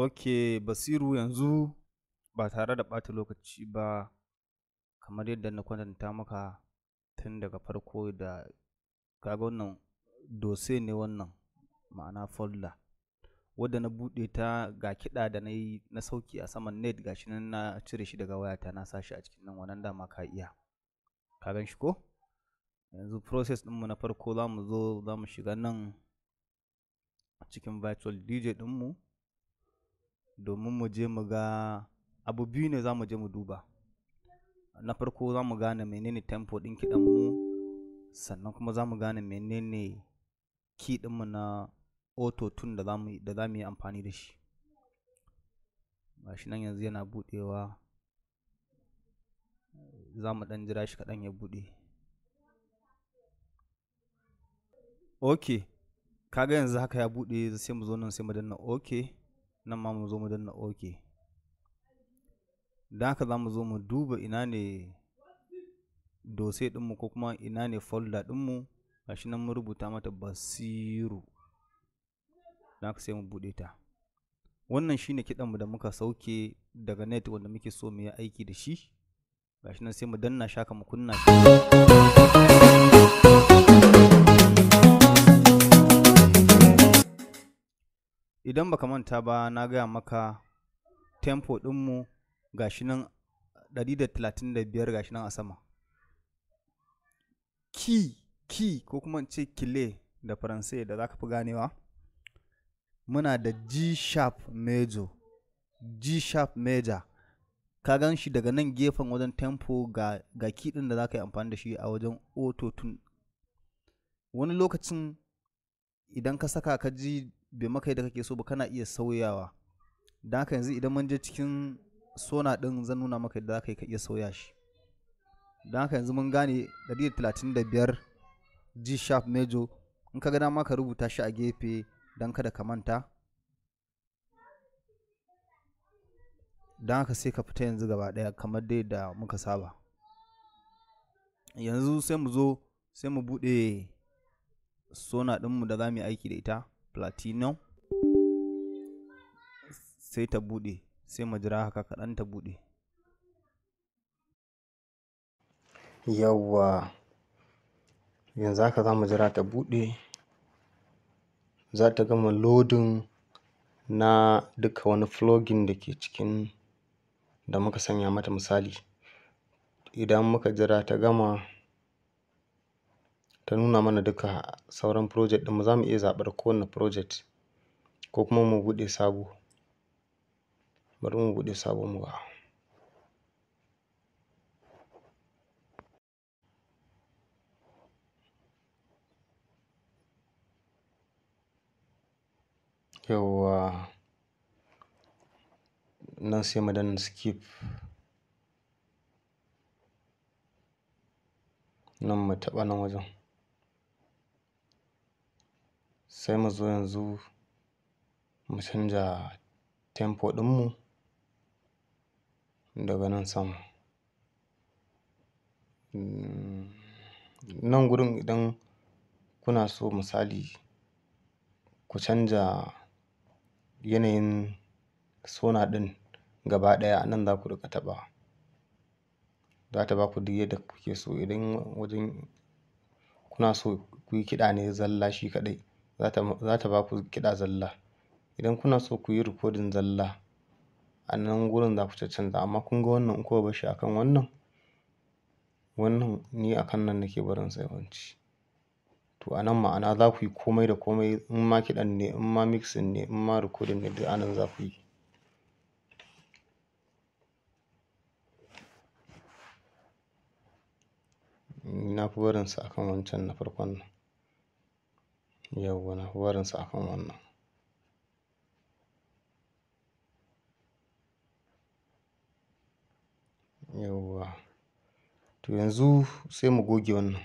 Ok, Basiru yanzu ba tare da ɓata lokaci ba kamar yadda na kwatanta maka tun daga farko da kaga wannan dose ne wannan ma'ana folder wadda na buɗe ta ga kiɗa da na yi na sauki a saman net ga shi nan na cire shi daga wayata na sa shi a cikin nan wannan dama ka iya ka gan shi ko yanzu process ɗinmu na farko za mu zo za mu shiga nan a cikin virtual dj ɗinmu domin mu je mu ga abu biyu ne za mu je mu duba na farko za mu gane menene tempo ɗin mu sannan kuma za mu gane menene ki mu na auto tun da za mu yi amfani da shi Ba shi nan yanzu yana buɗewa za mu ɗan jira shi kaɗan ya buɗe ok kaga yanzu haka ya buɗe sai mu zo nan sai mu danna ok nan ma mu zo mu danna oke da haka za mu zo mu duba ina ne dose dinmu ko kuma ina ne folda ɗinmu gashi nan mun rubuta mata basiru da haka sai mu bude ta wannan shi ne kiɗanmu da muka sauke daga net wanda muke so mu yi aiki da shi gashi nan sai mu danna shaka mu kunna shi idan baka manta ba na gaya maka tempo ɗinmu shi nan 135 shi nan a sama ki ki ko kuma ce kile da faransa da za ka fi ganewa muna da g sharp major g sharp major ka gan shi daga nan gefen wajen tempo ga, ga kiɗin da za ka yi amfani da shi a wajen auto tun. wani lokacin idan ka saka ka ji bai maka da kake so ba kana iya sauyawa don haka yanzu idan mun je cikin sona ɗin zan nuna maka da za ka iya sauya shi don haka yanzu mun gane 135 g sharp major in ka gada maka rubuta shi a gefe don kada ka manta don haka sai ka fita yanzu gaba ɗaya kamar dai da muka saba yanzu sai mu zo sai mu buɗe sona ɗinmu da za mu yi aiki da ita platinum sai ta bude sai mu jira haka kaɗan ta bude. yawwa yanzu haka za mu jira ta bude za ta gama lodin na duka wani flogin da ke cikin da muka sanya mata misali idan muka jira ta gama ta nuna mana duka sauran project ɗin mu zamu mu iya zaɓar kowanne project ko kuma mu buɗe sabo bari mu buɗe sabo mu ga yawwa nan sai mu skip nan mu taɓa nan wajen sai mu zo yanzu mu canja tempo ɗinmu daga nan sama. Mm, nan gurin idan kuna so misali ku canja yanayin sona ɗin gaba ɗaya nan za ku riƙa taɓawa. Za ta ba ku duk yadda kuke so. Idan wajen kuna so ku yi kiɗa ne zalla shi kaɗai, za ta ba ku kiɗa zalla. Idan kuna so ku yi rikodin zalla a nan gurin za ku canza, amma kun ga wannan in kuka bar shi a kan wannan, wannan ni a kan nan nake barin sa yawanci. To a nan ma'ana za ku yi komai da komai in ma kiɗan ne, in ma mixing ne, in ma rikodin ne duk a nan za ku yi. Ni na fi barin sa a kan wancan na farkon nan. Yauwa na fi su a kan wannan. Yauwa. To yanzu sai mu goge wannan,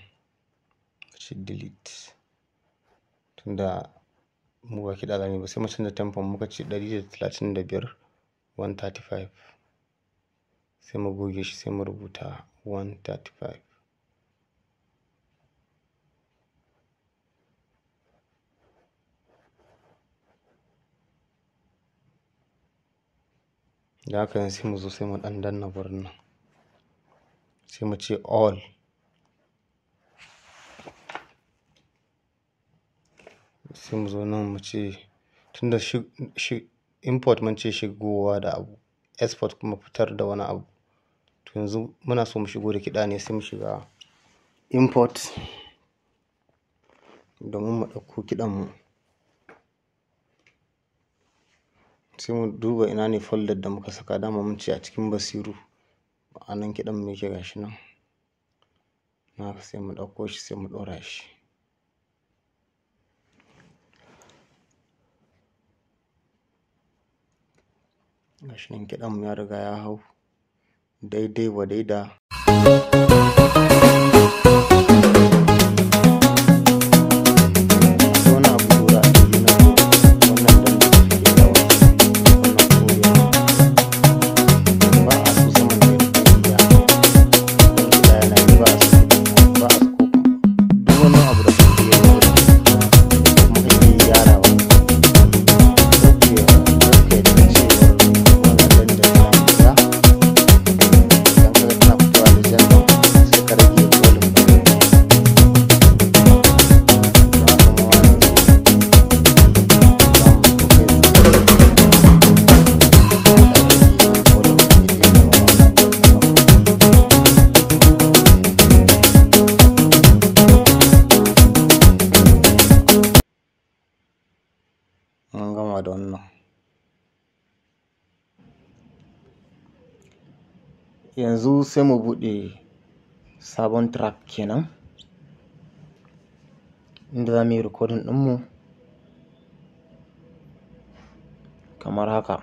muce delete. Tunda mu ba kiɗa zamuyi ba sai mu canza tempo muka ce ɗari da talatin da biyar one thirty five. Sai mu goge shi sai mu rubuta one thirty five. Da haka yanzu sai mu zo sai mu ɗan danna wurin nan. Sai mu ce all. Sai mu zo nan mu ce tunda shi, shi import mun ce shigowa da abu, export kuma fitar da wani abu. To yanzu muna so mu shigo da kiɗa ne sai mu shiga import domin mu ɗauko kiɗan mu. sai mu duba ina ne folder da muka saka dama mun ce a cikin basiru a nan kiɗan mu yake gashi nan na sai mu ɗauko shi sai mu ɗora shi gashi nan kiɗan mu ya riga ya hau daidai wa daida sai mu buɗe sabon track kenan inda za mu yi recording mu kamar haka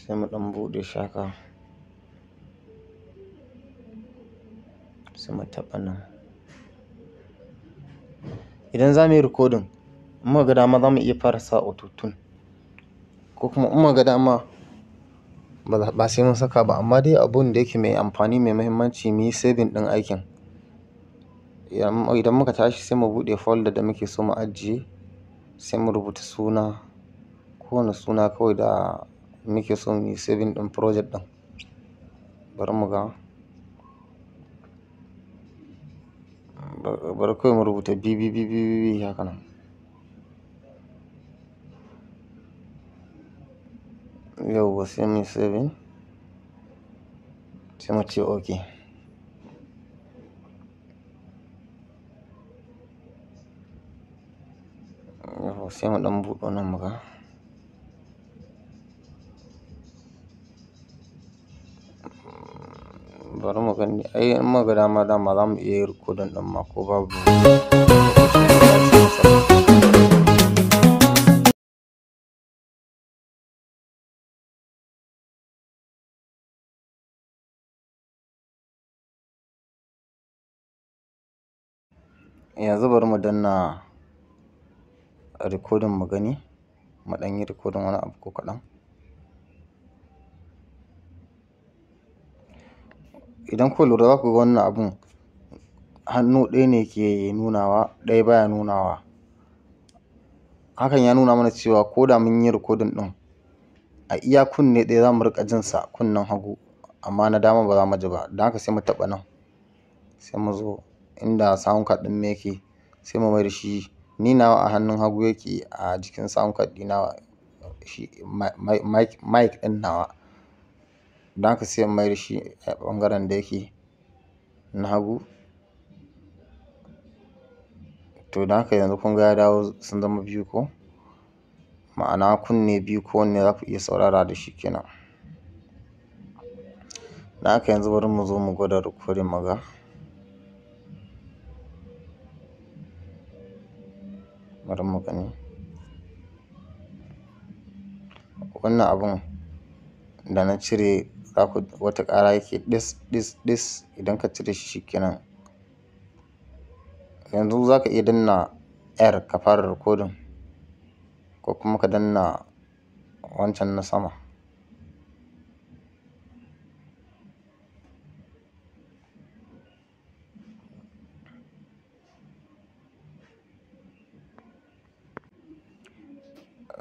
sai mu ɗan buɗe shaka sai mu taɓa nan idan za mu yi recording in muka ga dama za mu iya fara sa autotune ko kuma in muka ga dama ba sai mun saka ba amma dai abun da yake mai amfani mai mahimmanci mu yi saving ɗin aikin. Idan muka tashi sai mu buɗe folder da muke so mu ajiye sai mu rubuta suna, kowane suna kawai da muke so mu yi saving ɗin project ɗin. Bari mu ga, bari kawai mu rubuta BBBBBB haka nan. yauwa sai mu saving sai mu ok yauwa sai mu ɗan buɗo nan muka bari mu gani ai in muka dama dama za mu iya yi rikodin ɗin ma ko babu Yanzu bari mu danna recording mu gani, mu ɗan yi recording wani abu ko kaɗan. Idan kuka lura za ku ga wannan abun hannu ɗaya ne ke nunawa, ɗaya baya nunawa. Hakan ya nuna mana cewa ko da mun yi recording ɗin a iya kunne ɗaya za mu rika jin sa kunnen hagu amma na dama ba za mu ji ba. Don haka sai mu taɓa nan sai mu zo. inda sound card ɗin yake sai mu mai da shi ni nawa a hannun hagu yake a jikin sound card nawa shi mic ɗin nawa. dan haka sai mu mai da shi a ɓangaren da yake na hagu. To dan haka yanzu kun ga ya dawo sun zama biyu ko? Ma'ana kunne biyu wanne za ku iya saurara da shi kenan. Don haka yanzu bari mu zo mu gwada recording mu ga. bari ne wannan abun da na cire za ku wata ƙara yake ɗis ɗis ɗis idan ka cire shi kenan yanzu za ka iya danna r ka fara rikodin ko kuma ka danna wancan na sama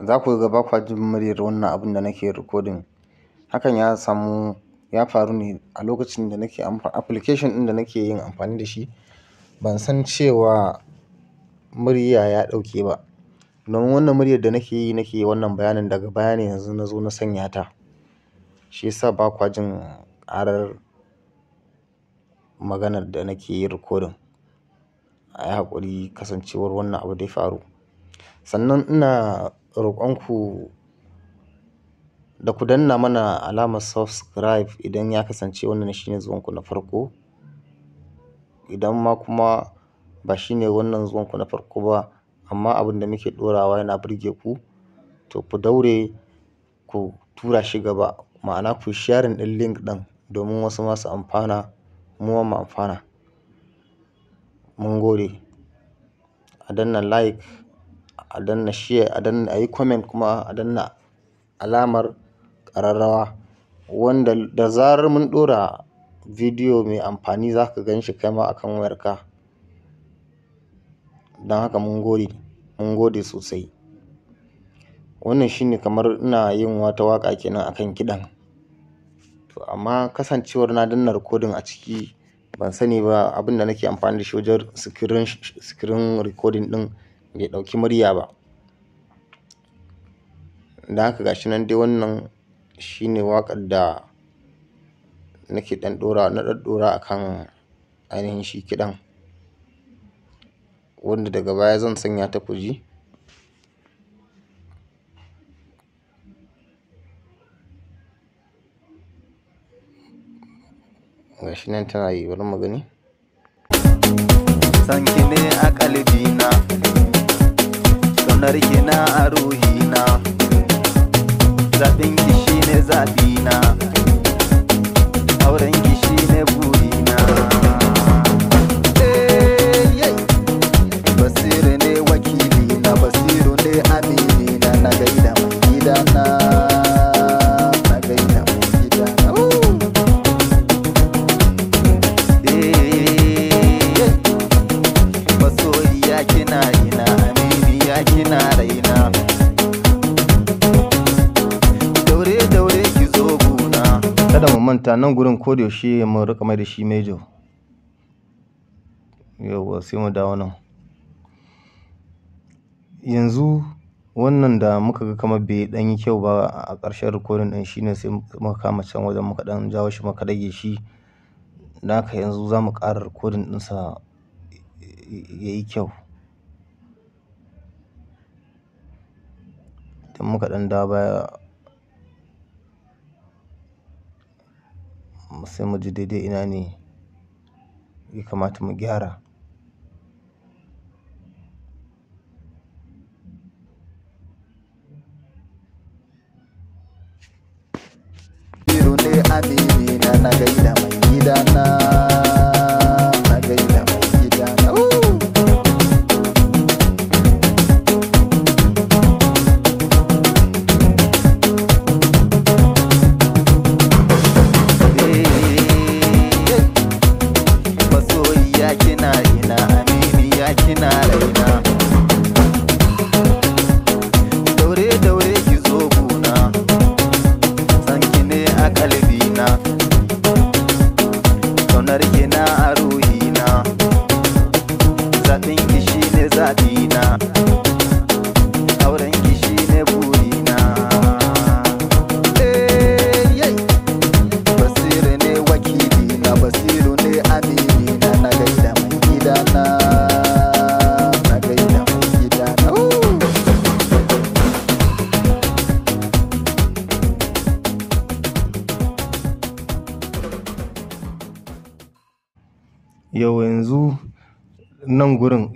za ku ga ba kwa jin muryar wannan abun da nake recording hakan ya samu ya faru ne a lokacin da nake application ɗin da nake yin amfani da shi ban san cewa murya ya ɗauke ba domin wannan muryar da nake yi nake wannan bayanin daga baya ne yanzu na zo na sanya ta shi yasa ba kwa jin ƙarar maganar da nake yi recording a yi haƙuri kasancewar wannan abu da ya faru sannan ina roƙonku da ku danna mana alamar subscribe idan ya kasance wannan shine zuwanku na farko idan ma kuma ba shine wannan zuwanku na farko ba amma abin da muke ɗorawa yana burge ku to ku daure ku tura shi gaba ma'ana ku sharing ɗin link ɗin domin wasu masu amfana mu ma amfana mun gode a danna like a danna share, a danna a yi comment kuma a danna alamar ƙararrawa wanda da zarar mun ɗora bidiyo mai amfani za ka gan shi kai ma a kan wayarka. Don haka mun gode, mun gode sosai. Wannan shine kamar ina yin wata waƙa kenan a kan kiɗan. To amma kasancewar na danna recording a ciki ban sani ba abin da nake amfani da shi wajen screen, screen recording ɗin. bai ɗauki murya ba da haka gashi nan dai wannan shi ne waƙar da nake ɗan ɗora na ɗan ɗora akan ainihin shi kiɗan wanda daga baya zan sanya ta kuji gashi nan tana yi wani magani. ne a ƙaunar kina a ruhina zaɓin ki shine zaɓina auren ki shine buri ta nan gurin ko da yaushe mu rika mai da shi mejo yauwa sai mu dawo nan yanzu wannan da muka ga kamar bai dan yi kyau ba a ƙarshen rikodin din shine sai muka kama can wajen muka dan jawo shi muka rage shi da haka yanzu za mu ƙara rikodin ɗinsa ya yi kyau idan muka dan dawo baya sai mu ji daidai ina ne ya kamata mu gyara. Biro ne amini na na gaida maigidana.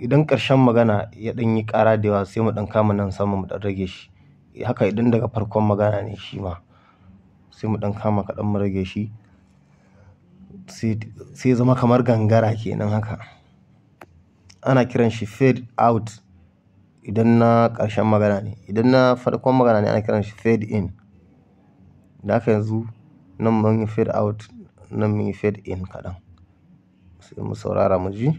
idan ƙarshen magana ya ɗan yi ƙara da yawa sai mu ɗan kama nan sama mu ɗan rage shi haka idan daga farkon magana ne shi ma sai mu ɗan kama kaɗan mu rage shi sai zama kamar gangara kenan haka ana kiran shi fade out idan na ƙarshen magana ne idan na farkon magana ne ana kiran shi fade in da haka yanzu nan mun yi fade out nan mun yi fade in kaɗan sai mu saurara mu ji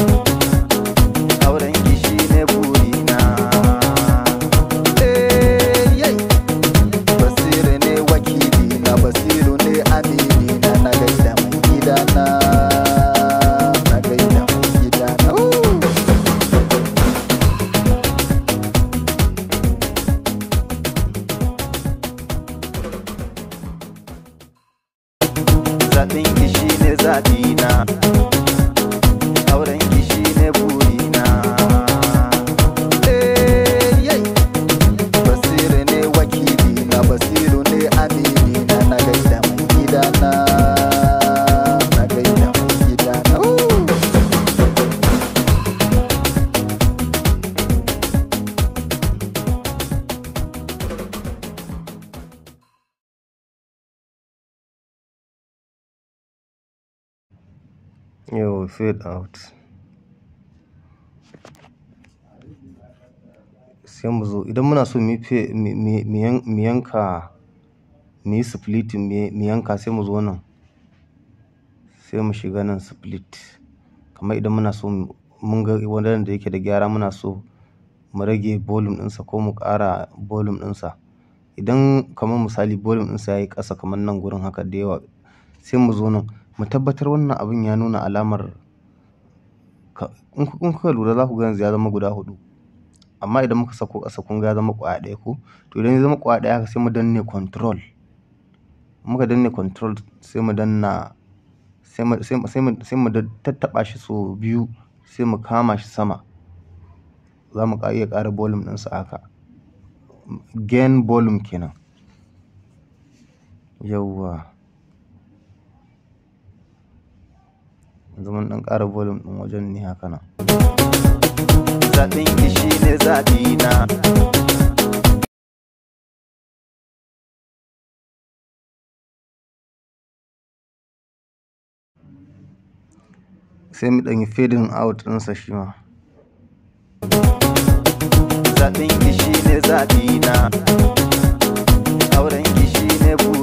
fade out sai mu zo idan muna so mu yanka mu yi splitting mu yanka sai mu zo nan sai mu shiga nan split kamar idan muna so mun ga wannan da yake da gyara muna so mu rage volume ɗinsa ko mu ƙara volume ɗinsa idan kamar misali volume ɗinsa ya yi ƙasa kamar nan gurin haka da yawa sai mu zo nan mu tabbatar wannan abin ya nuna alamar in kuka lura za ku ga yanzu ya zama guda huɗu amma idan muka sako ƙasa kun ga ya zama ƙwaya ɗaya ko to idan ya zama ƙwaya ɗaya haka sai mu danne control muka danne control sai mu danna sai mu tattaɓa shi sau biyu sai mu kama shi sama za mu iya ƙara volume ɗinsa haka gain volume kenan yawwa zaman ɗan ƙara volume ɗin wajen ne haka nan. shi na. Sai mu ɗanyi fading out ɗinsa shi ma. Zaɗin ki shi ne zaɓi na. Auren ki shi ne buri.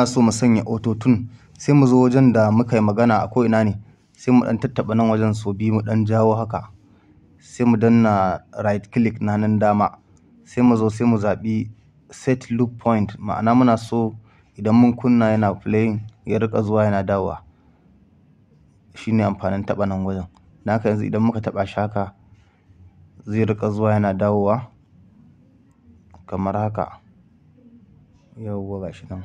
muna so mu sanya autotune sai mu zo wajen da muka yi magana a ko'ina ne sai mu ɗan tattaɓa nan wajen so biyu mu dan jawo haka sai mu danna right click na nan dama sai mu zo sai mu zaɓi set loop point ma'ana muna so idan mun kunna yana playing ya rika zuwa yana dawowa shine amfanin taɓa nan wajen don haka yanzu idan muka taɓa shi haka zai rika zuwa yana dawowa kamar haka yawwa gashi nan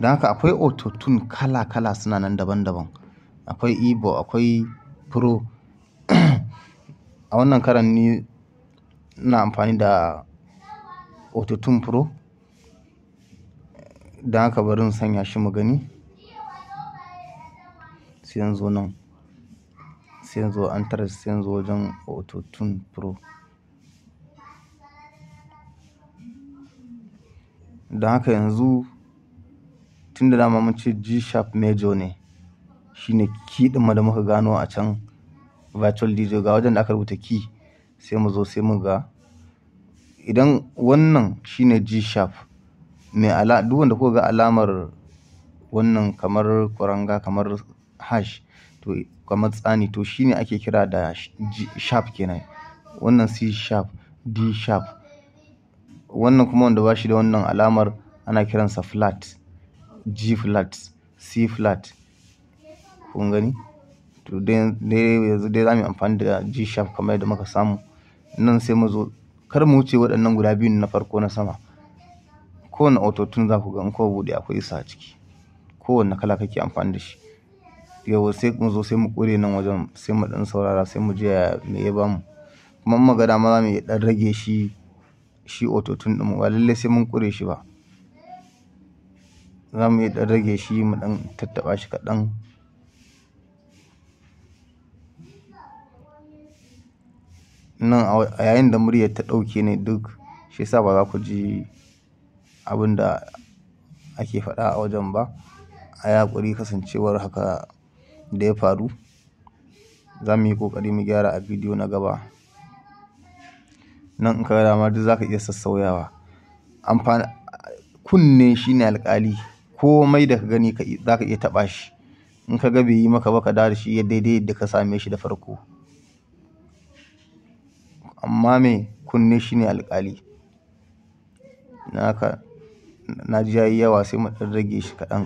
Don haka akwai ototun kala kala suna nan daban daban. Akwai ibo, akwai Pro. A wannan karan ni ina amfani da autotune Pro. Don haka bari in sanya shi mu gani. Sai in nan, sai in an tara sai in wajen ototun Pro. Don haka yanzu tunda dama mun ce G sharp major ne shine key din da muka gano a can virtual DJ ga wajen da aka rubuta key sai mu zo sai mu ga idan wannan shine G sharp mai ala duk wanda kuka ga alamar wannan kamar kuranga kamar hash to kamar tsani to shine ake kira da G sharp kenan wannan C sharp D sharp wannan kuma wanda ba shi da wannan alamar ana kiransa flat g flat c flat kun gani to dai yanzu dai za mu yi amfani da g sharp kamar yadda muka samu nan sai mu zo kar mu wuce waɗannan guda biyun na farko na sama kowane autotune za ku ga in kowa buɗe akwai isa a ciki kowane kala kake amfani da shi yau sai mu zo sai mu ƙure nan wajen sai mu ɗan saurara sai mu je me ya bamu kuma in magana ma za mu iya ɗan rage shi shi ototun ɗin ba lallai sai mun ƙure shi ba za mu iya ɗan rage shi mu ɗan tattaɓa shi kaɗan nan a yayin da muryar ta ɗauke ne duk shi sa ba za ku ji abin da ake faɗa a wajen ba a yaƙuri kasancewar haka da ya faru za mu yi ƙoƙari mu gyara a bidiyo na gaba nan in ka dama duk zaka iya sassauyawa amfani kunne ne alƙali komai da ka gani zaka iya taɓa shi in ka ga bai yi maka ba ka dawo da shi ya daidai da ka same shi da farko amma me kunne shi ne alƙali naka na ji yayi yawa sai mu ɗan rage shi kaɗan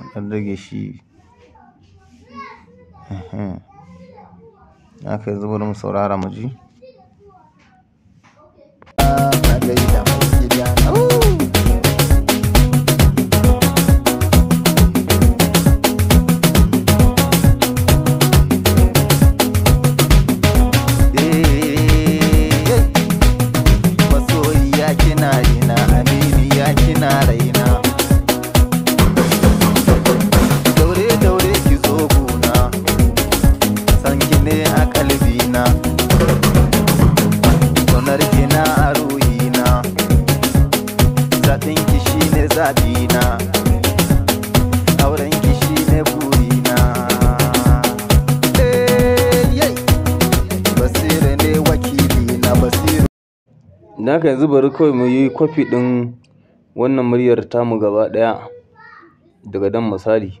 mu ɗan rage shi Na kai zubar mu saurara mu ji. kwafi ɗin wannan muryar tamu gaba ɗaya daga dan misali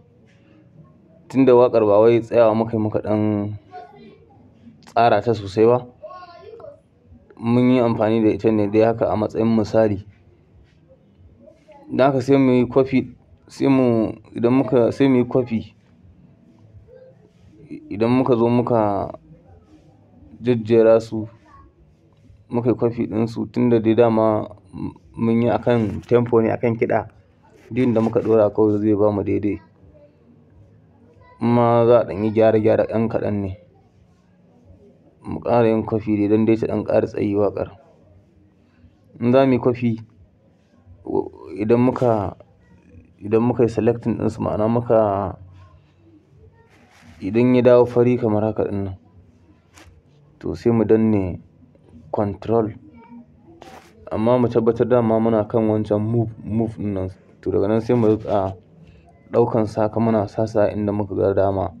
tunda waƙar ba wai tsayawa muka yi muka ɗan tsara ta sosai ba mun yi amfani da ita ne dai haka a matsayin misali don haka sai mu yi kwafi sai mu idan muka sai mu yi kwafi idan muka zo muka jejjera su muka yi kwafi ɗinsu tunda dai dama mun yi akan tempo ne akan kiɗa duk da muka ɗora kawai zai ba mu daidai ma za a ɗan yi gyara gyara ɗan kaɗan ne mu ƙara yin kwafi dai don dai ta ɗan ƙara tsayi waƙar in za mu yi kwafi idan muka idan muka yi selecting ɗinsu ma'ana muka idan ya dawo fari kamar haka ɗin nan to sai mu danne control amma mu tabbatar dama muna kan wancan move move nan to daga nan sai mu riƙa ɗaukan saka muna sasa inda muka ga dama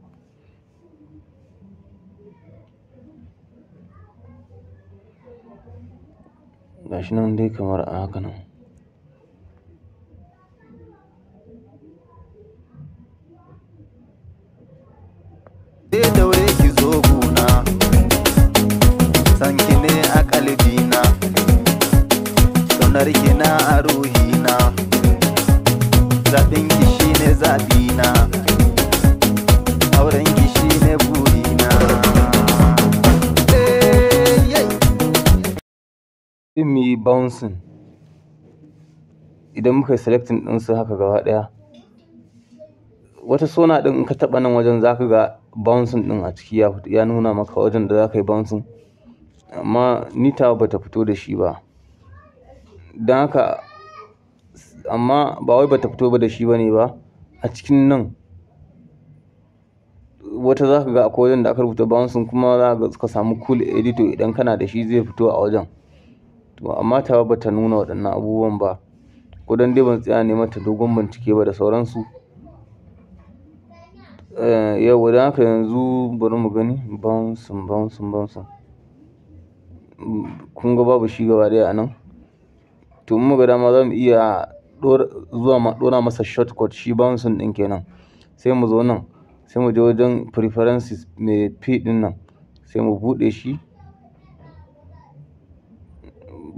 gashi nan dai kamar a haka nan Zai daure ki zo guna, sanki ne a kalbi ƙaunar na a ruhina zaɓin ki ne zaɓina auren ki ne burina Imi eh, bouncing idan muka yi selecting ɗinsu haka gaba ɗaya wata sona ɗin in ka taɓa nan wajen za ka ga bouncing ɗin a ciki ya nuna maka wajen da za ka yi bouncing amma ni ta ba ta fito da shi ba don haka amma ba wai bata fito ba da shi bane ba a cikin nan wata za ka ga akwai wajen da aka rubuta bouncing kuma za ka suka samu cool editor idan kana da shi zai fito a wajen to amma ba bata nuna waɗannan abubuwan ba ko dai ban tsaya ne mata dogon bincike ba da sauransu eh, yau wadda haka yanzu bari mu gani bouncing bouncing bouncing kun ga babu shi gaba ɗaya a nan to mu gada ma za mu iya zuwa ma ɗora masa shortcut shi bouncing ɗin kenan sai mu zo nan sai mu je wajen preferences mai p din nan sai mu buɗe shi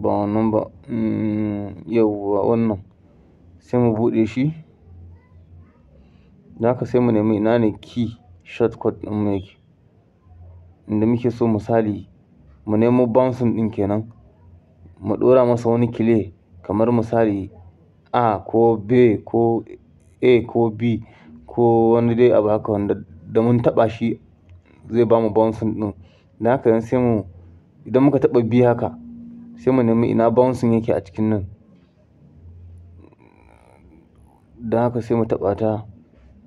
ba wannan ba mm, yawwa wannan sai mu buɗe shi da ka sai mu nemi ina ne key shortcut din mu yake inda muke so misali mu nemo bouncing ɗin kenan mu ɗora masa wani clay kamar misali A ko B ko A ko B ko wani dai abu haka wanda da mun taɓa shi zai bamu bouncing ɗin. Dan haka sai mu idan muka taɓa B haka sai mu nemi ina bouncing yake a cikin nan. Dan haka sai mu taɓa ta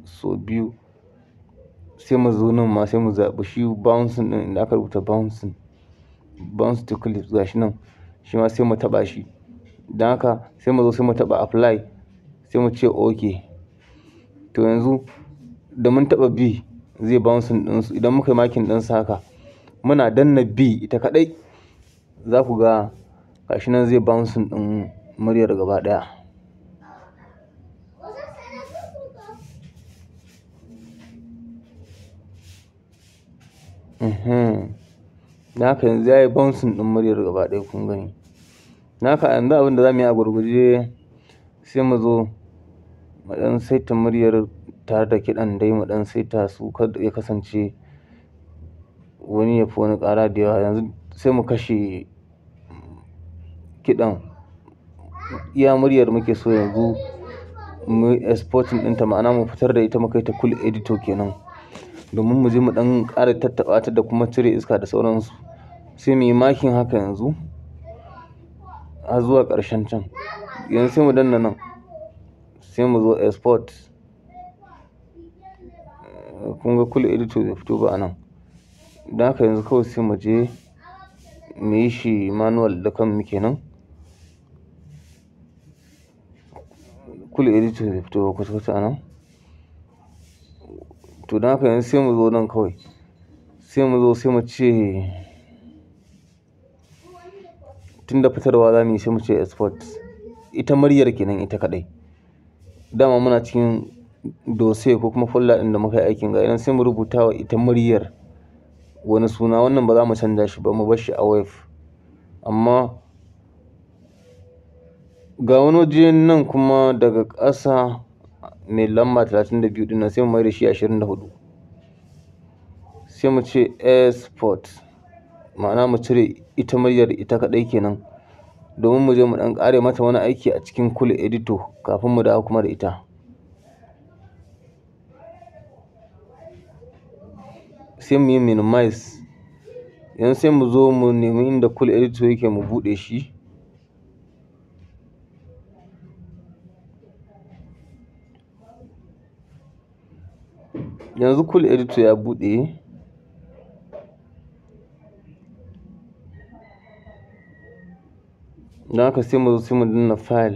sau biyu sai mu zo nan ma sai mu zaɓi shi bouncing din inda aka rubuta bouncing, bounce to clip gashi nan shi ma sai mu taɓa shi. don haka sai mu zo sai mu taba apply sai mu ce ok to yanzu da mun taba b zai bouncing dinsu idan muka yi makin su haka muna danna b ita kadai za ku ga gashi nan zai bouncing ɗin muryar gaba daya. Mhm. Na yanzu ya yi bouncing din muryar gaba daya kun gani naka yanzu abin da za mu yi a gurguje sai mu zo mu ɗan saita muryar tare da kiɗan dai mu ɗan saita su kada ya kasance wani ya fi wani ƙara da yawa yanzu sai mu kashe kiɗan iya muryar muke so yanzu mu exporting ɗinta ma'ana mu fitar da ita mu kai ta cool editor kenan domin mu je mu ɗan ƙara tattaɓa ta da kuma cire iska da sauransu sai mu yi makin haka yanzu har zuwa ƙarshen can yanzu sai mu danna nan sai mu zo export kun ga kula editor bai fito ba a nan don haka yanzu kawai sai mu je mu yi shi manual da kan muke nan kula editor bai fito ba kwata-kwata a nan to don haka yanzu sai mu zo nan kawai sai mu zo sai mu ce da fitarwa za mu yi sai mu ce export ita muryar kenan ita kadai dama muna cikin dose ko kuma folder ɗin da muka yi aikin ga idan sai mu rubuta wa ita muryar wani suna wannan ba za mu canza shi ba mu bar shi a wave amma ga wani waje nan kuma daga ƙasa mai lamba 32 ɗin sai mu mai da shi 24 sai mu ce export ma'ana mu cire ita muryar ita kaɗai kenan domin mu je mu ɗan ƙare mata wani aiki a cikin cool edito kafin mu dawo kuma da ita sai mu yi minimize yanzu sai mu zo mu nemi inda cool editor yake mu buɗe shi yanzu cool edito ya buɗe don haka sai mu zo sai mu danna fayil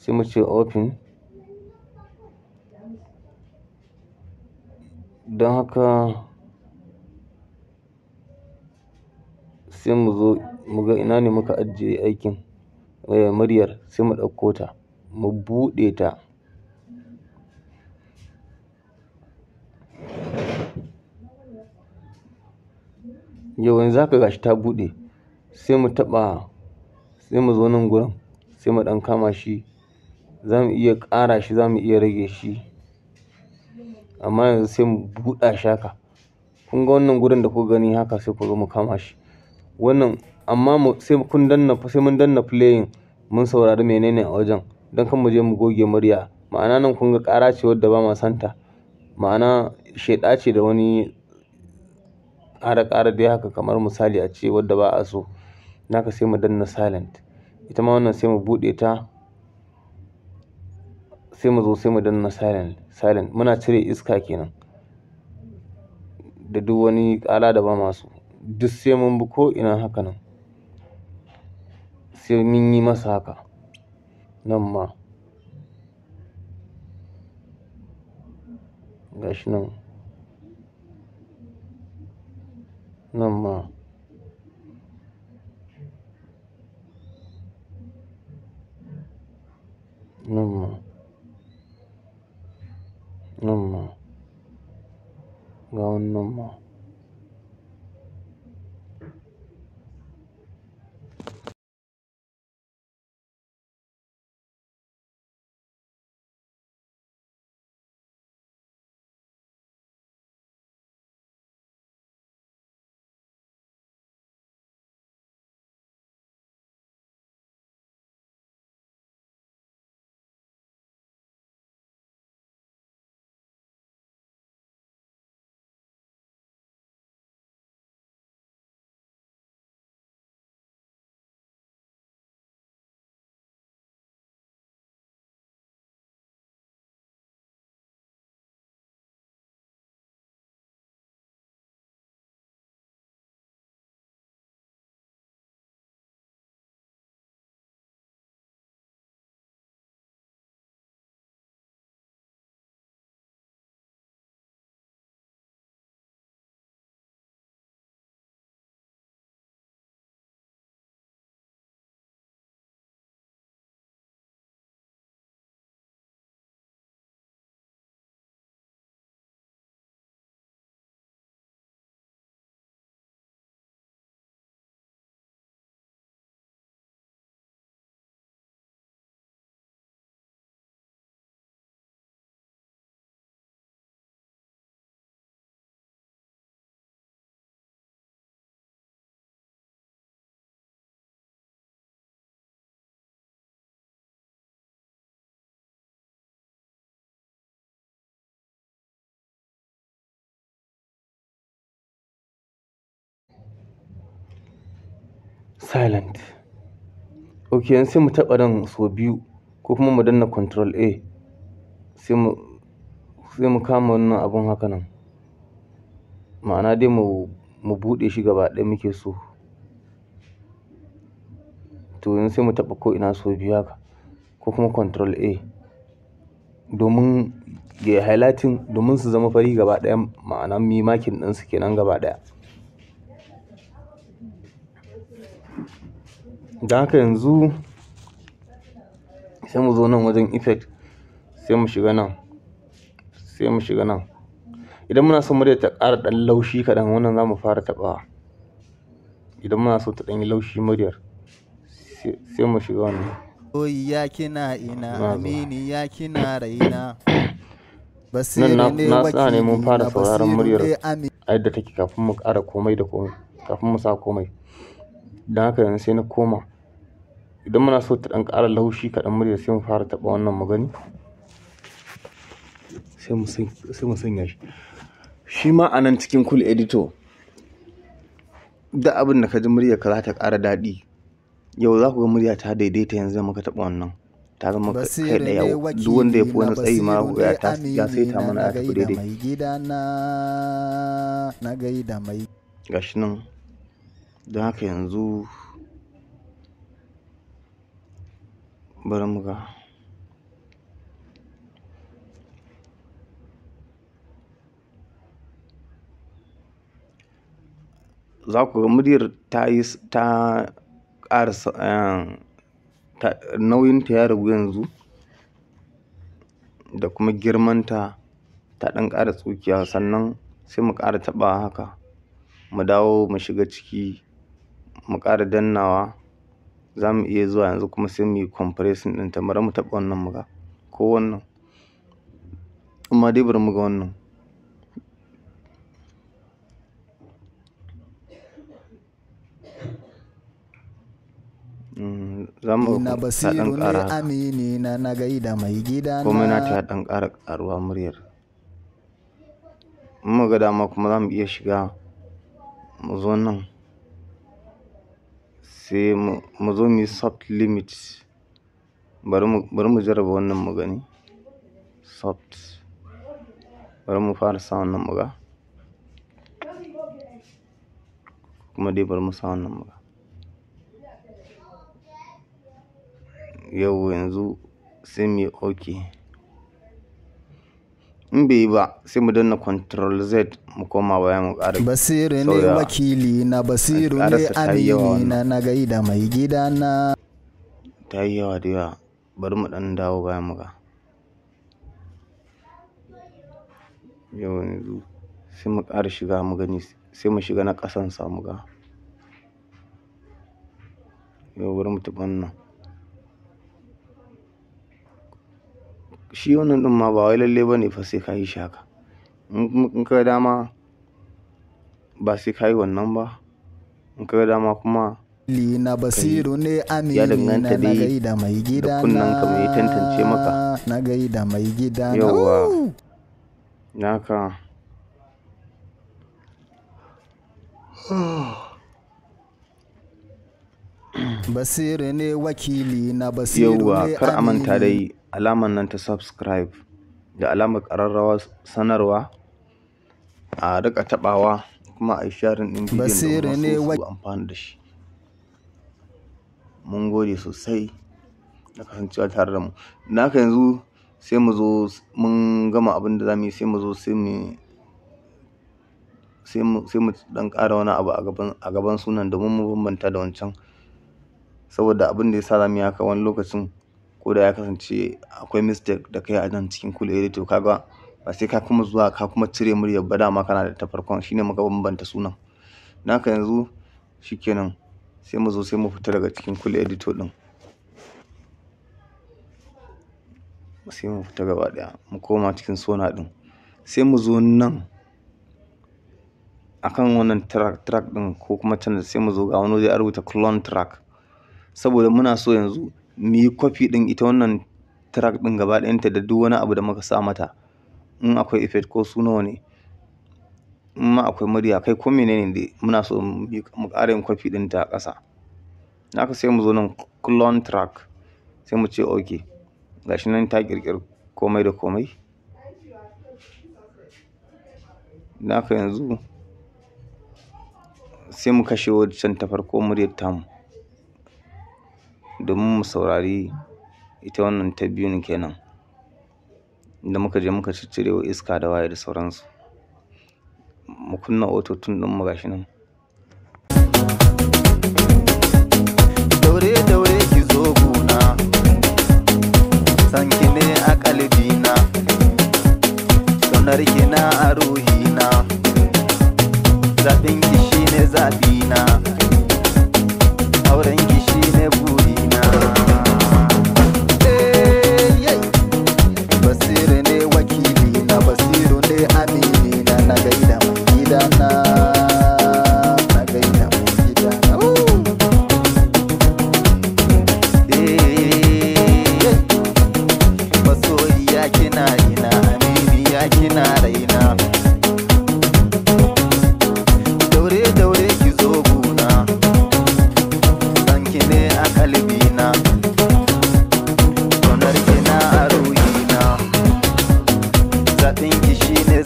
sai mu ce open don haka sai mu zo mu ga ina ne muka ajiye aikin eh, muryar sai mu ɗauko ta mu buɗe ta yau yanzu haka gashi ta buɗe sai mu taɓa sai mu zo nan gurin sai mu ɗan kama shi za mu iya ƙara shi za mu iya rage shi amma yanzu sai mu buɗa shi haka kun ga wannan gurin da kuka gani haka sai ku zo mu kama shi wannan amma mu sai kun danna sai mun danna playing mun saurari menene a wajen don kan mu je mu goge murya ma'ana nan kun ga ƙara ce wadda ba ma santa ma'ana sheɗa ce da wani ƙara ƙara dai haka kamar misali a ce wadda ba a so naka sai mu danna silent ita ma wannan sai mu bude ta sai mu zo sai mu danna silent silent muna cire iska kenan da duk wani kala da ba masu duk sai mun bi ko ina haka nan sai mun yi masa haka nan ma gashi nan nan ma Nam mô. Nam mô. Gòn nam mô. silent. Ok, yanzu sai mu taɓa ɗan sau biyu ko kuma mu danna control A sai mu sai mu kama wannan abun haka nan. Ma'ana dai mu mu buɗe shi gaba ɗaya muke so. To yanzu sai mu taɓa ko ina sau biyu haka ko kuma control A domin ya highlighting domin su zama fari gaba ɗaya ma'ana mi makin ɗinsu kenan gaba ɗaya. da haka yanzu sai mu zo nan wajen effect sai mu shiga nan sai mu shiga nan idan muna son murya ta ƙara ɗan laushi kaɗan wannan za mu fara taɓawa idan muna so ta dan yi laushi muryar sai mu shiga wannan Oyi ya kina ina amini ya kina raina basiri ne na sa ne mun fara sauraron muryar a yadda take kafin mu ƙara komai da komai kafin mu sa komai don haka yanzu sai na koma idan muna so ta ɗan ƙara laushi kaɗan murya sai mu fara taɓa wannan magani sai mu sanya shi shi ma a nan cikin cool editor da abin da ka ji murya ka za ta ƙara daɗi yau za ku ga murya ta daidaita yanzu da muka taɓa wannan ta zama kai da yawa duk wanda ya fi wani tsayi ma ya ta ya ta mana ya tafi daidai gashi nan don haka yanzu bari mu ga za ku ga muryar ta yi ta ƙara eh, nauyinta ya ragu yanzu da kuma girmanta ta ɗan ƙara tsukiya sannan sai mu ƙara taɓawa haka mu dawo mu shiga ciki mu ƙara dannawa za mu iya zuwa yanzu kuma sai mu yi compressing ta, bari mu taɓa wannan mu ga ko wannan amma dai bari mu ga wannan mm, za basiru ne amini na na gaida mai gida na. Komai na ta ɗan ƙara ƙaruwa muryar. mu ga dama kuma za mu iya shiga mu zo nan. sai mu zo mu soft limit bari mu bari mu jarraba wannan mu gani soft bari mu fara sa wannan mu kuma dai bari mu sa wannan mu yau yanzu sai mu yi okay in bai yi ba sai mu danna control z mu koma baya mu ƙara basiru ne wakili na basiru ne amini na na gaida mai gida na ta yi yawa da yawa bari mu dan dawo baya mu ga yau ne zu sai mu ƙara shiga mu gani sai mu shiga na ƙasan samu ga yau bari mu taɓa nan shi wannan ɗin ma ba wai lalle ba ne fa sai ka yi shi haka in ka dama ba sai ka yi wannan ba in ka dama kuma na basiru ne amina na gai da mai gida na mai tantance maka na gai da mai gida na yawa naka basiru ne wakili na basiru ne amina yawa kar amanta dai Alamar nan ta subscribe da alamar ƙararrawa sanarwa a rika tabawa kuma a yi sharing ɗin bidiyon da wasu su amfani da shi mun gode sosai da kasancewa tare da mu na haka yanzu sai mu zo mun gama abin da za mu yi sai mu zo sai mu sai mu dan ƙara wani abu a gaban a gaban sunan domin mu bambanta da wancan saboda abin da ya sa za mu yi haka wani lokacin ko da ya kasance akwai mistake da kai a nan cikin cool to kaga ba sai ka kuma zuwa ka kuma cire muryar ba dama kana da ta farkon shine muka bambanta sunan naka yanzu shikenan sai mu zo sai mu fita daga cikin cool editor din sai mu fita gaba daya mu koma cikin sona din sai mu zo nan akan wannan track track din ko kuma can sai mu zo ga wani zai rubuta clone track saboda muna so yanzu mu yi ɗin ita wannan track ɗin gaba ɗayanta da duk wani abu da muka sa mata in akwai effect ko su nawa ne in ma akwai murya kai ko menene dai muna so mu ƙara yin copy ɗinta a ƙasa haka sai mu zo nan kulon track sai mu ce ok gashi nan ta ƙirƙiri komai da komai haka yanzu sai mu kashe wancan ta farko muryar tamu domin mu saurari ita wannan ta biyun kenan. Da muka je muka ciccirewo iska da waye da sauransu. Mu kunna tun tun din mu gashi nan. Daure daure ki zo guna, sanki ne a na, sonar ki na a ruhina, zaɓin ki shine zaɓi.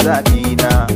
na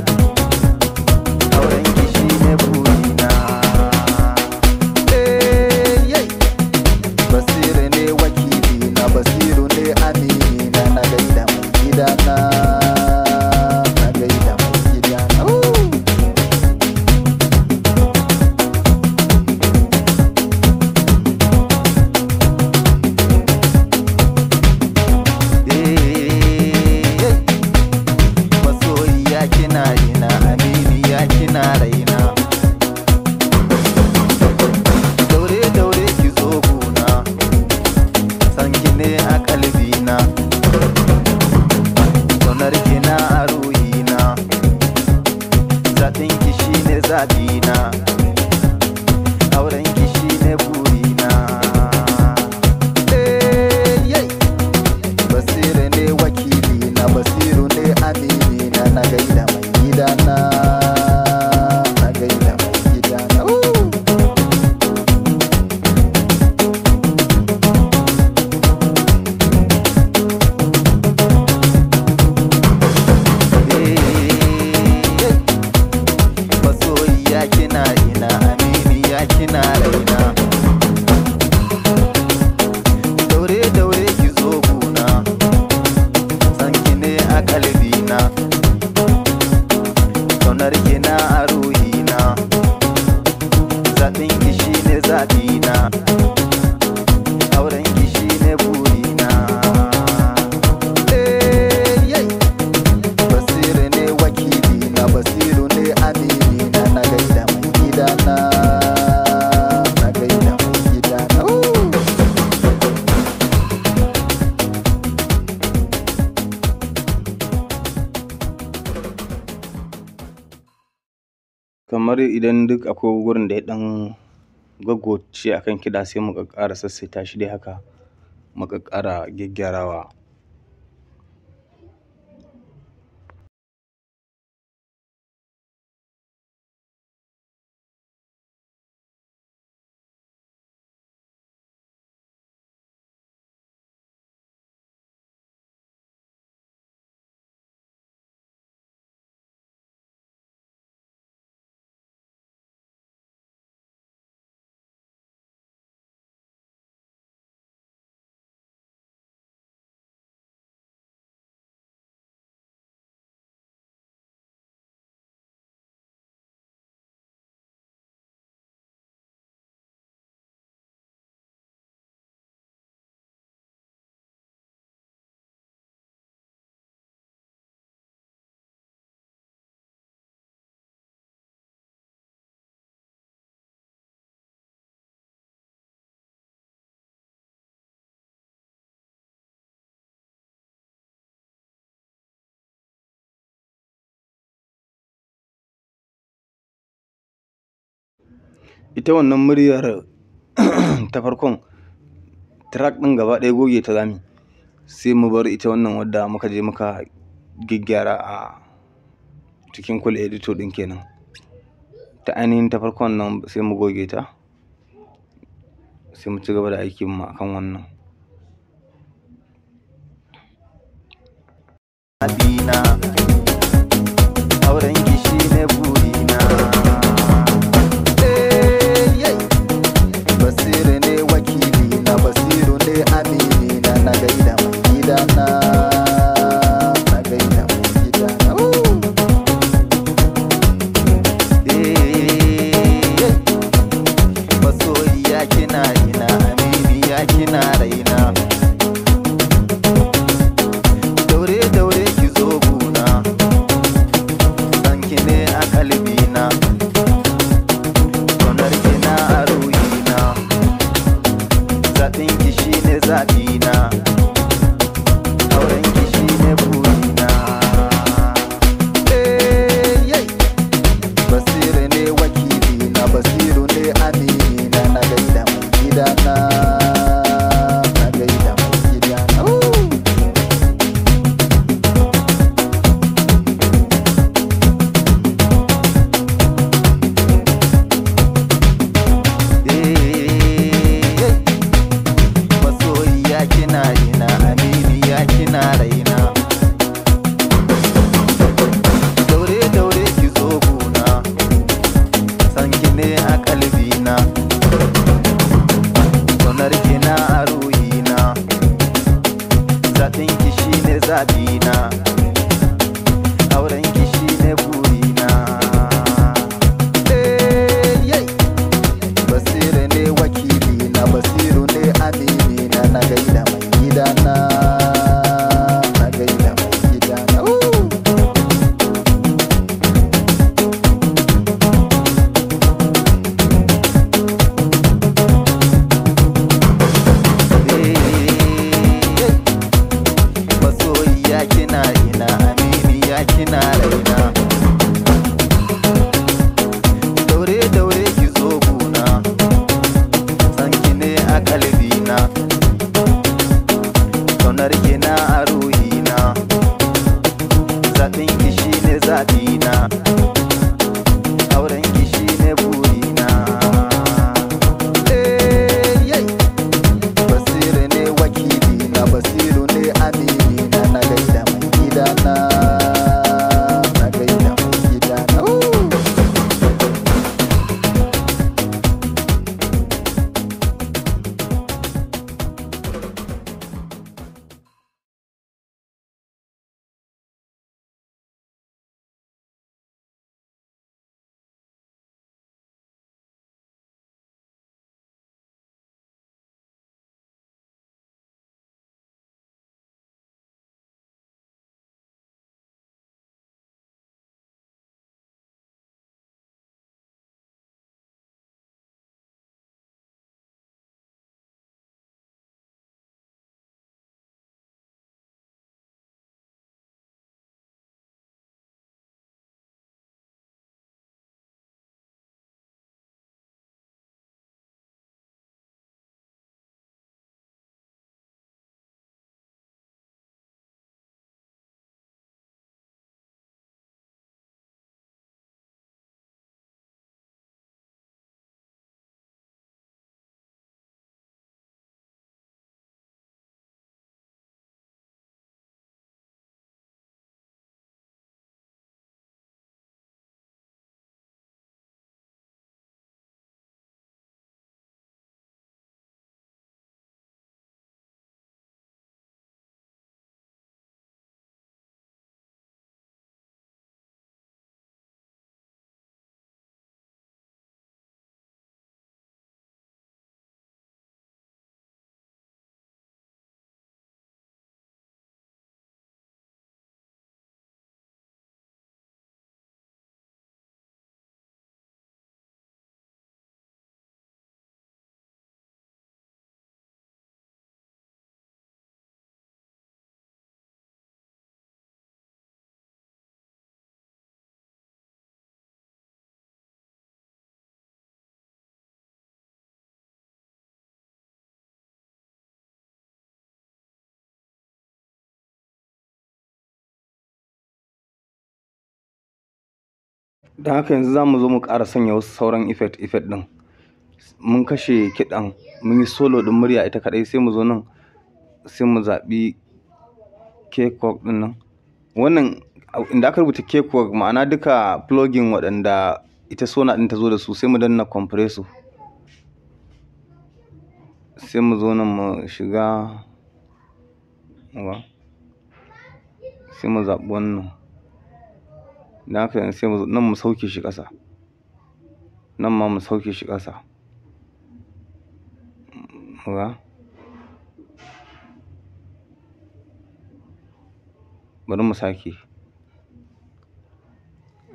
kamar idan duk akwai wurin da ya ɗan gaggauce akan kiɗa sai mu ƙara sassaita shi dai haka mu ƙaƙƙara gyaggyarawa. ita wannan muryar ta farkon track ɗin gaba ɗaya goge ta zami sai mu bar ita wannan wadda muka je muka gyaggyara a cikin kula editor ɗin kenan ta ainihin ta farkon nan sai mu goge ta sai mu ci gaba da aikin mu akan wannan abina auren gishi ne bu da haka yanzu za mu zo mu ƙara sanya wasu sauran effect effect ɗin mun kashe kiɗan mun yi solo ɗin murya ita kaɗai sai mu zo nan sai mu zaɓi kekwag ɗin nan wannan inda aka rubuta kekwag ma'ana duka plugin waɗanda ita sona ɗin ta zo da su sai mu danna compressor sai mu zo nan mu shiga sai mu zaɓi wannan don haka sai nan mu sauke shi ƙasa nan ma mu sauke shi ƙasa ba bari mu sake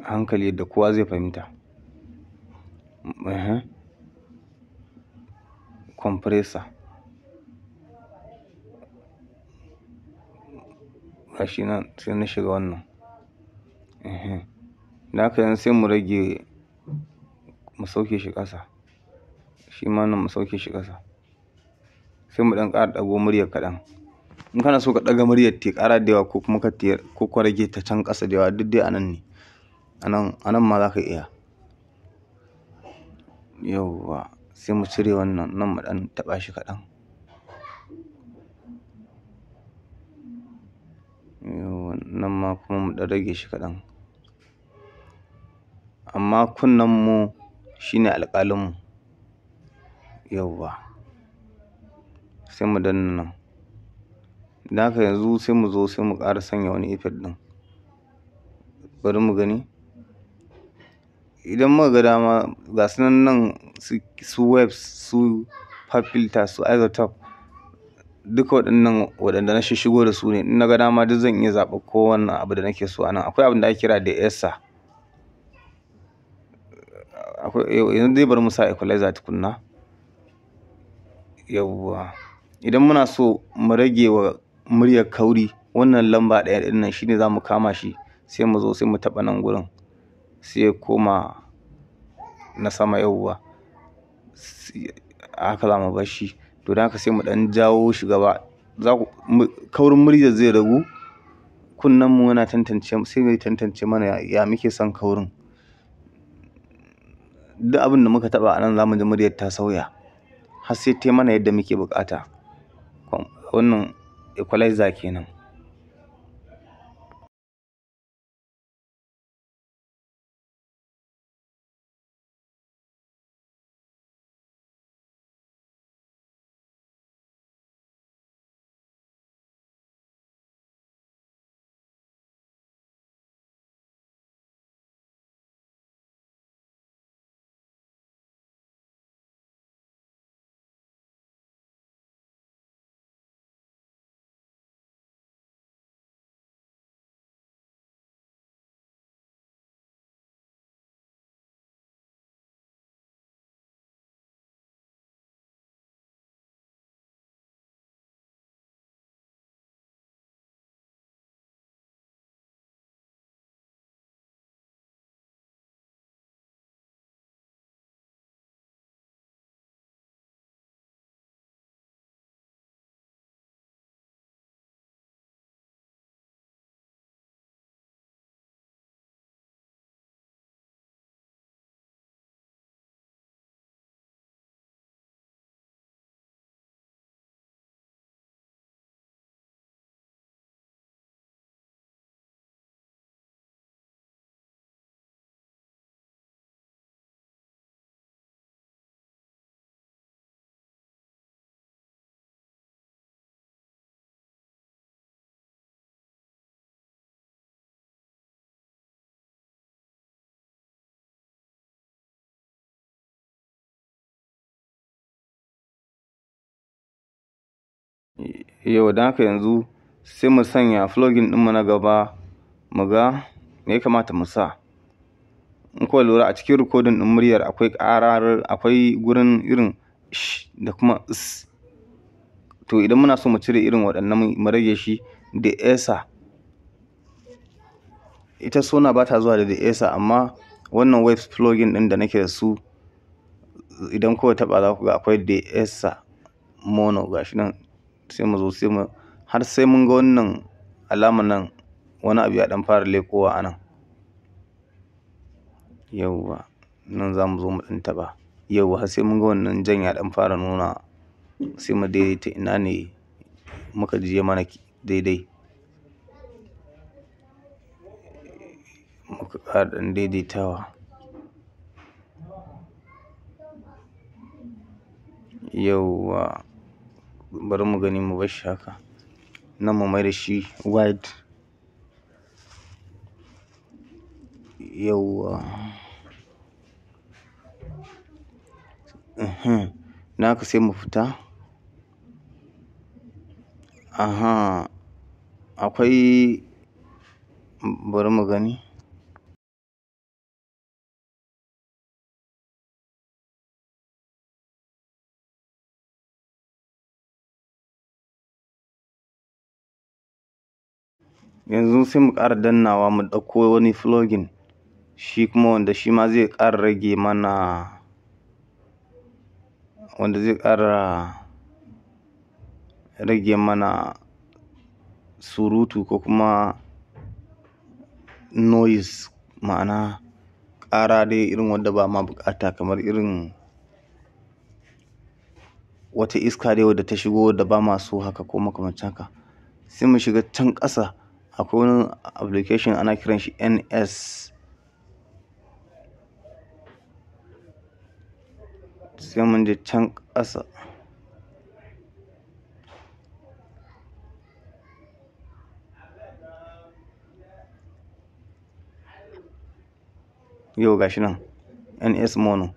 hankali da kowa zai fahimta compressor gashi nan sai na shiga wannan Da haka sai mu rage, mu sauke shi ƙasa. Shi ma nan mu sauke shi ƙasa. Sai mu ɗan ƙara ɗago muryar kaɗan. In kana so ka ɗaga muryar tayi ƙara da yawa ko kuma ka tayi ko ka rage ta can ƙasa da yawa duk dai a nan ne. A nan, a nan ma za ka iya. Yauwa sai mu cire wannan nan mu ɗan taɓa shi kaɗan. Yauwa nan ma kuma mu ɗan rage shi kaɗan. amma kunnenmu shi ne alƙalinmu yauwa sai mu danna nan idan haka yanzu sai mu zo sai mu ƙara sanya wani effect ɗin bari mu gani idan muka ga dama ga su nan nan su webs su pop filter su isotop duka waɗannan waɗanda na shigo da su ne in na ga dama duk zan iya zaɓa kowane abu da nake so a nan akwai abin da ake kira da esa yanzu dai bari musa equalizer tukunna yawwa idan muna so mu rage wa muryar kauri wannan lamba ɗaya ɗin nan shine za mu kama shi sai mu zo sai mu taɓa nan gurin sai ya koma na sama yawwa haka za mu bar shi to don haka sai mu ɗan jawo shi gaba kaurin muryar zai ragu kunnen mu yana tantance sai ya tantance mana ya muke son kaurin duk abin da muka taɓa a nan za mu ji muryar ta sauya har sai ta mana yadda muke buƙata wannan equalizer kenan yau don haka yanzu sai mu sanya flogin ɗinmu na gaba mu ga ne ya kamata mu sa in kuwa lura a cikin rikodin ɗin muryar akwai ƙararar akwai gurin irin sh da kuma s to idan muna so mu cire irin waɗannan mu rage shi da esa ita suna ba ta zuwa da da esa amma wannan wave flogin ɗin da nake da su idan kowa taɓa za ku ga akwai da esa mono gashi nan sai mu zo sai mu har sai mun ga wannan alama nan wani abu ya dan fara lekowa a nan yauwa nan za mu zo mu dan taba yauwa har sai mun ga wannan jan ya dan fara nuna sai mu daidaita ina ne muka je mana daidai muka ƙara dan daidaitawa yauwa bari mu gani mu bashi haka nan mu mai da shi wide yauwa na aha akwai bari mu yanzu sai mu ƙara dannawa mu ɗauko wani flogin shi kuma wanda shi ma zai ƙara rage mana wanda zai ƙara rage mana surutu ko kuma noise ma'ana ƙara dai irin wanda ba ma buƙata kamar irin wata iska dai wadda ta shigo da ba masu haka ko makamancin haka sai mu shiga can ƙasa akwai wani application ana kiran shi ns sai mun je can ƙasa yau gashi nan ns mono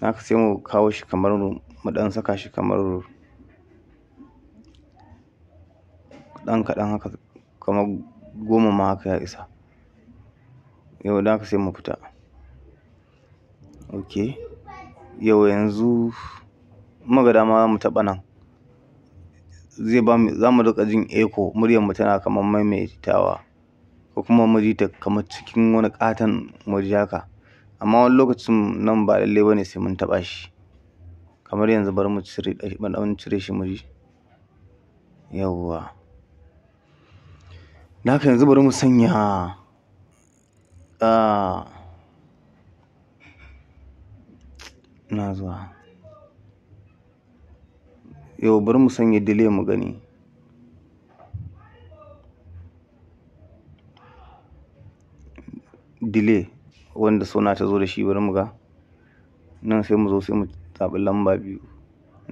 haka sai mu kawo shi kamar mu dan saka shi kamar dan kaɗan haka kamar goma ma haka ya isa yau da haka sai mu fita ok yau yanzu muka dama mu taɓa nan zai ba za mu riƙa jin echo muryar mu tana kamar maimaitawa ko kuma mu ji ta kamar cikin wani ƙaton waje haka amma wani lokacin nan ba lallai ne sai mun taɓa shi kamar yanzu bar mu cire mu cire shi mu ji na haka yanzu bari mu sanya ah, na zuwa yau bari mu sanya delay mu gani delay wanda suna ta zo da shi bari mu ga nan sai mu zo sai mu zaɓi lamba biyu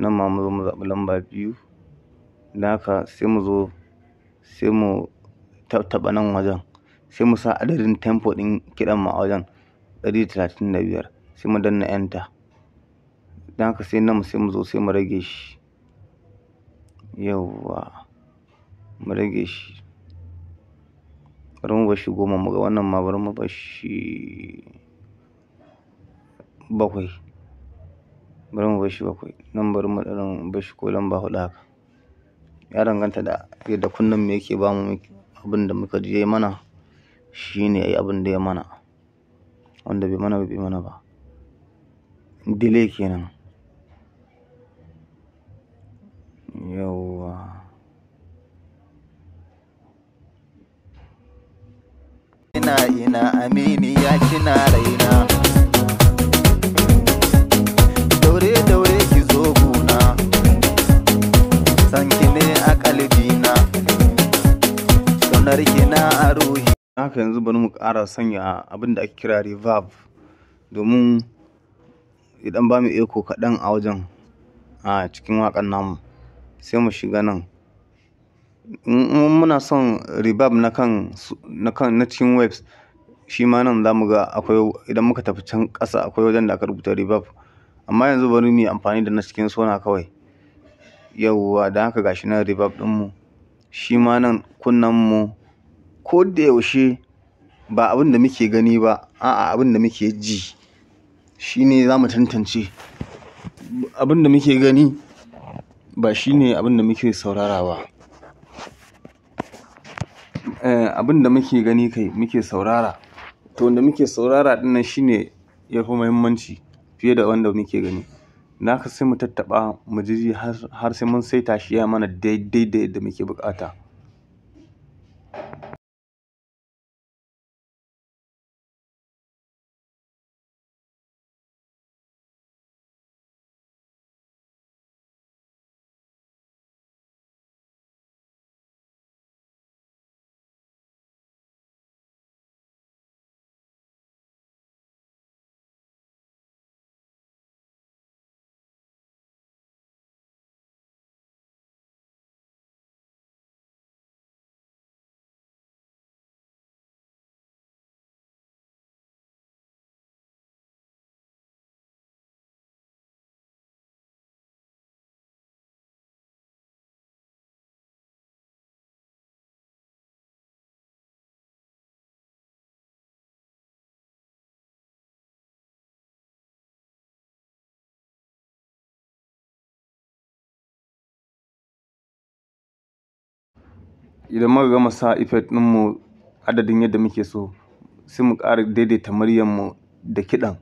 nan ma mu zo mu zaɓi lamba biyu da haka sai mu zo sai mu taɓa nan wajen sai mu sa adadin tempo ɗin kiɗan mu a wajen biyar sai mu danna enter don haka sai nan sai mu zo sai mu rage shi yawwa mu rage shi bari mu bar shi goma mu ga wannan ma bari mu bar shi bakwai bari mu bar shi bakwai nan bari mu ɗan bar shi ko lamba huɗu haka ya danganta da yadda kunnen mu yake ba mu abin da muka ji ya mana shi ne ya yi abin da ya mana wanda bai mana bai mana ba dile kenan yawwa ina ina amini ya kina raina rike na haka yanzu bari mu ƙara sanya abin da ake kira reverb domin idan ba mu echo kaɗan a wajen a cikin waƙan namu sai mu shiga nan muna son reverb na kan na cikin waves shi ma nan za mu ga akwai idan muka tafi can ƙasa akwai wajen da aka rubuta reverb amma yanzu bari mu yi amfani da na cikin sona kawai yauwa da haka gashi na reverb ɗinmu shi ma nan kunnen mu ko da yaushe ba abin da muke gani ba, a'a abin da muke ji shine za mu tantance. Abin da muke gani ba shine abin da muke saurara ba. Eh, abin da muke gani kai muke saurara. To wanda muke saurara ɗinnan shine yafi muhimmanci fiye da wanda muke gani. Na haka sai mu tattaɓa mu ji har, har sai mun saita shi ya mana daidai da yadda muke buƙata. idan muka gama sa effect ɗin mu adadin yadda muke so sai mu ƙara daidaita muryar mu da kiɗan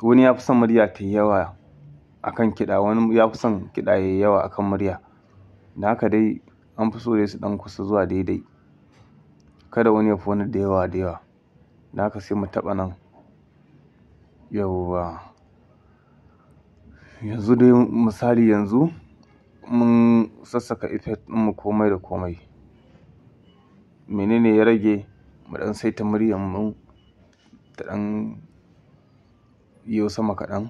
wani ya fi son murya ta yawa akan kiɗa wani ya fi son kiɗa yayi yawa akan murya da haka dai an fi so dai su ɗan kusa zuwa daidai kada wani ya fi wani da yawa da yawa da haka sai mu taɓa nan yawa yanzu dai misali yanzu mun sassaka effect ɗin mu komai da komai menene ya rage mu ɗan saita muryan mu ta ɗan yo sama kaɗan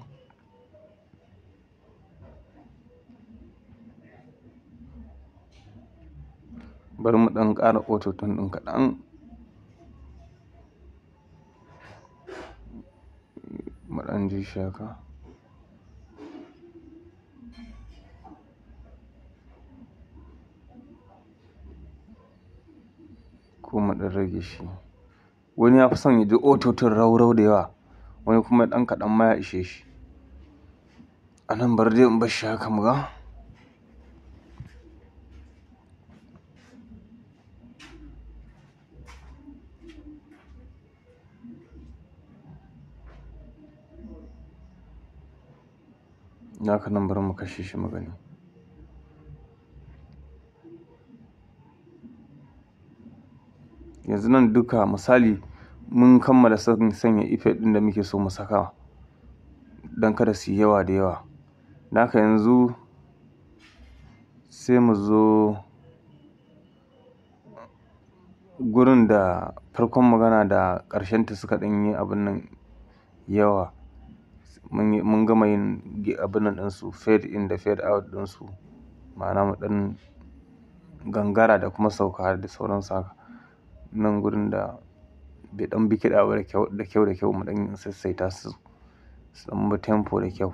bari mu ɗan ƙara ototon ɗin kaɗan mu dan ji shaka ko mu ɗan rage shi wani ya fi son ya ji ototun raurau da yawa wani kuma ɗan kaɗan ma ya ishe shi a nan bar dai in bar shi haka mu ga naka nan bari mu kashe shi magani yanzu nan duka misali mun kammala sanya ife ɗin da muke so mu saka don kada su yi yawa da yawa naka yanzu sai mu zo gurin da farkon magana da ta suka ɗan yi abin nan yawa mun gama yin abin nan ɗinsu fade in da fade out ɗinsu ma'ana mu ɗan gangara da kuma sauka da sauran saka. nan gurin da bai ɗan bi kiɗa ba da kyau da kyau mu ɗan sassaita su su ɗan bi tempo da kyau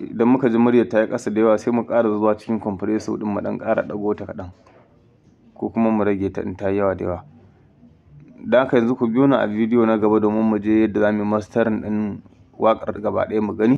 idan muka ji muryar ta yi ƙasa da yawa sai mu ƙara zuwa cikin compressor din mu dan ƙara ɗago ta kaɗan ko kuma mu rage ta in ta yi yawa da yawa da haka yanzu ku biyo ni a bidiyo na gaba domin mu je yadda za mu yi mastering ɗin waƙar gaba ɗaya mu gani